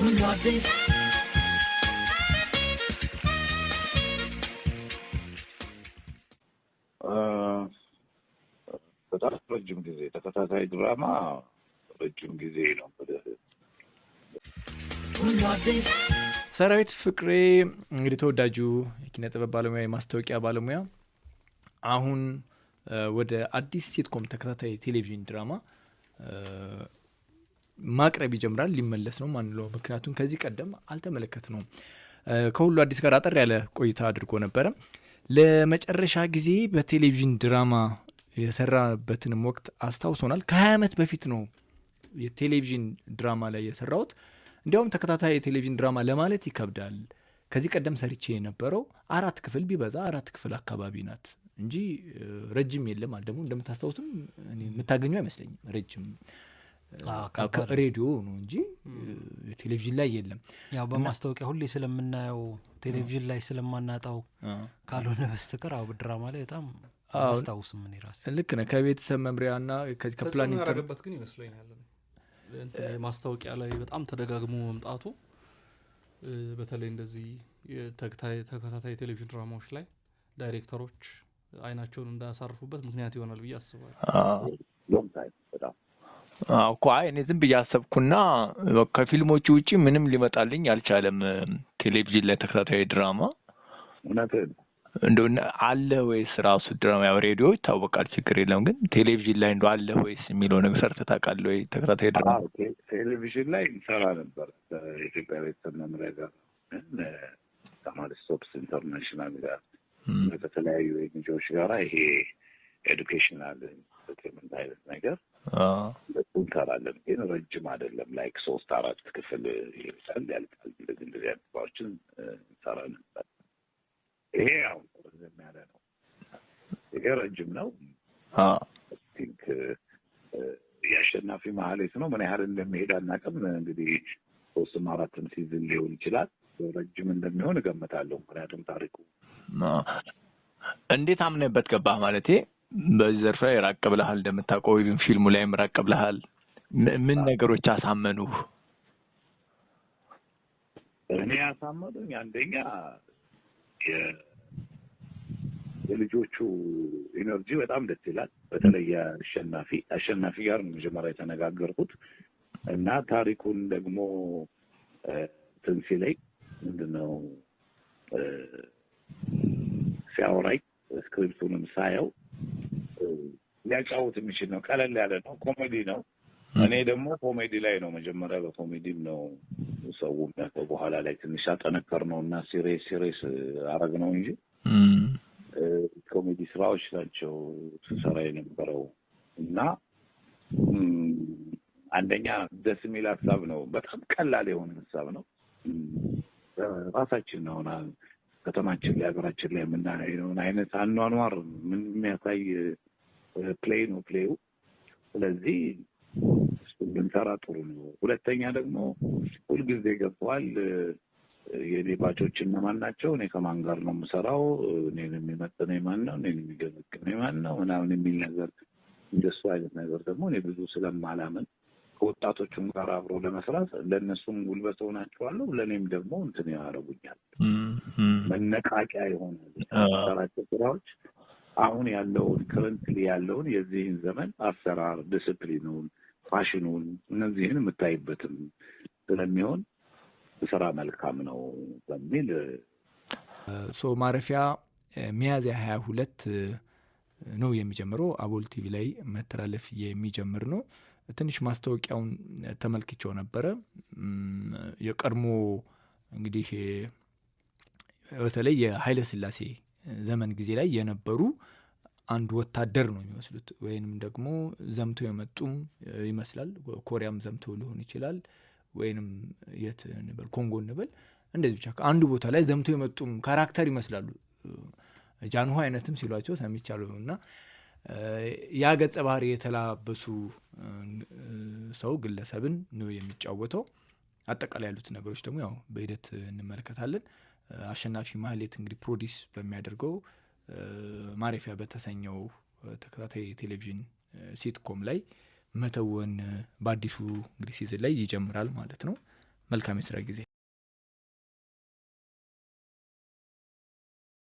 በጣም ረጅም ጊዜ ተከታታይ ድራማ ረጅም ጊዜ ነው። ሰራዊት ፍቅሬ እንግዲህ ተወዳጁ የኪነ ጥበብ ባለሙያ የማስታወቂያ ባለሙያ አሁን ወደ አዲስ ሴትኮም ተከታታይ ቴሌቪዥን ድራማ ማቅረብ ይጀምራል። ሊመለስ ነው ማንለው። ምክንያቱም ከዚህ ቀደም አልተመለከት ነው። ከሁሉ አዲስ ጋር አጠር ያለ ቆይታ አድርጎ ነበረ። ለመጨረሻ ጊዜ በቴሌቪዥን ድራማ የሰራበትንም ወቅት አስታውሶናል። ከ20 ዓመት በፊት ነው የቴሌቪዥን ድራማ ላይ የሰራሁት። እንዲያውም ተከታታይ የቴሌቪዥን ድራማ ለማለት ይከብዳል። ከዚህ ቀደም ሰርቼ የነበረው አራት ክፍል ቢበዛ አራት ክፍል አካባቢ ናት እንጂ ረጅም የለም። አል ደግሞ እንደምታስታውሱም የምታገኙ አይመስለኝም ረጅም ሬዲዮ ነው እንጂ ቴሌቪዥን ላይ የለም። ያው በማስታወቂያ ሁሌ ስለምናየው ቴሌቪዥን ላይ ስለማናጣው ካልሆነ በስተቀር አው ድራማ ላይ በጣም አስታውስ ምን ራስ ልክ ነ ከቤተሰብ መምሪያ ና ከዚህ ከፕላን ግን ይመስለኛል ማስታወቂያ ላይ በጣም ተደጋግሞ መምጣቱ በተለይ እንደዚህ ተከታታይ ቴሌቪዥን ድራማዎች ላይ ዳይሬክተሮች አይናቸውን እንዳያሳርፉበት ምክንያት ይሆናል ብዬ አስባል እኮ እኔ ዝም ብዬ አሰብኩና ከፊልሞቹ ውጭ ምንም ሊመጣልኝ አልቻለም። ቴሌቪዥን ላይ ተከታታይ ድራማ እንደሆነ አለ ወይስ ራሱ ድራማ ያው ሬዲዮ ይታወቃል፣ ችግር የለም ግን ቴሌቪዥን ላይ እንደ አለ ወይስ የሚለው ነገር ሰርተህ ታውቃለህ ወይ? ተከታታይ ድራማ ቴሌቪዥን ላይ እንሰራ ነበር ኢትዮጵያ ቤተሰብ መምሪያ ጋር ተማሪ ስቶፕስ ኢንተርናሽናል ጋር ከተለያዩ ኤንጂኦዎች ጋር ይሄ ኤዱኬሽናል ኢንስቲትዩት አይነት ነገር ሁለቱን እንሰራለን፣ ግን ረጅም አይደለም። ላይክ ሶስት አራት ክፍል ይሄዳል ያልቃል። እንደዚህ እንደዚህ አድባዎችን እንሰራለን። ይሄ ያው ረዘም ያለ ነው። ይሄ ረጅም ነው። ቲንክ የአሸናፊ መሀሌት ነው ምን ያህል እንደሚሄድ አናውቅም። እንግዲህ ሶስትም አራትም ሲዝን ሊሆን ይችላል። ረጅም እንደሚሆን እገምታለሁ። ምክንያቱም ታሪኩ እንዴት አምነበት ገባህ ማለት በዚህ ዘርፍ ላይ ራቅ ብለሃል እንደምታውቀው፣ ወይም ፊልሙ ላይም ራቅ ብለሃል። ምን ነገሮች አሳመኑ? እኔ ያሳመኑኝ አንደኛ የልጆቹ ኢነርጂ በጣም ደስ ይላል። በተለይ አሸናፊ አሸናፊ ጋር ነው መጀመሪያ የተነጋገርኩት እና ታሪኩን ደግሞ ትንሲ ላይ ምንድነው ሲያወራይ ስክሪፕቱንም ሳየው ሊያጫውት የሚችል ነው። ቀለል ያለ ነው። ኮሜዲ ነው። እኔ ደግሞ ኮሜዲ ላይ ነው መጀመሪያ በኮሜዲም ነው ሰው የሚያውቀው። በኋላ ላይ ትንሽ አጠነከር ነው እና ሲሬስ ሲሬስ አረግ ነው እንጂ ኮሜዲ ስራዎች ናቸው ስሰራ የነበረው እና አንደኛ ደስ የሚል ሀሳብ ነው። በጣም ቀላል የሆነ ሀሳብ ነው። ራሳችን ነውና ከተማችን ላይ ሀገራችን ላይ የምናየውን አይነት አኗኗር ምን የሚያሳይ ፕሌይ ነው ፕሌዩ። ስለዚህ ብንሰራ ጥሩ ነው። ሁለተኛ ደግሞ ሁልጊዜ ገብተዋል የእኔ ባቾች እነማን ናቸው? እኔ ከማን ጋር ነው የምሰራው? እኔን የሚመጥነኝ ማን ነው? እኔን የሚገመግመኝ ማን ነው? ምናምን የሚል ነገር እንደሱ አይነት ነገር ደግሞ እኔ ብዙ ስለማላምን ከወጣቶቹም ጋር አብሮ ለመስራት ለእነሱም ጉልበት ሆናቸዋለሁ፣ ለእኔም ደግሞ እንትን ያደርጉኛል፣ መነቃቂያ የሆነ ሰራቸው ስራዎች አሁን ያለውን ክረንትሊ ያለውን የዚህን ዘመን አሰራር ዲስፕሊኑን፣ ፋሽኑን እነዚህን የምታይበትም ስለሚሆን ስራ መልካም ነው በሚል ሶ ማረፊያ ሚያዝያ ሀያ ሁለት ነው የሚጀምረው። አቦል ቲቪ ላይ መተላለፍ የሚጀምር ነው። ትንሽ ማስታወቂያውን ተመልክቼው ነበረ። የቀድሞ እንግዲህ በተለይ የኃይለ ስላሴ ዘመን ጊዜ ላይ የነበሩ አንድ ወታደር ነው የሚመስሉት ወይንም ደግሞ ዘምተው የመጡም ይመስላል። ኮሪያም ዘምተው ሊሆን ይችላል። ወይንም የት እንበል ኮንጎ እንበል እንደዚህ ብቻ ከአንድ ቦታ ላይ ዘምተው የመጡም ካራክተር ይመስላሉ። ጃንሆ አይነትም ሲሏቸው ሰምቻለሁ እና ያ ገጸ ባህሪ የተላበሱ ሰው ግለሰብን ነው የሚጫወተው። አጠቃላይ ያሉት ነገሮች ደግሞ ያው በሂደት እንመለከታለን። አሸናፊ ማህሌት እንግዲህ ፕሮዲስ በሚያደርገው ማረፊያ በተሰኘው ተከታታይ ቴሌቪዥን ሲትኮም ላይ መተወን በአዲሱ እንግዲህ ሲዝን ላይ ይጀምራል ማለት ነው። መልካም የስራ ጊዜ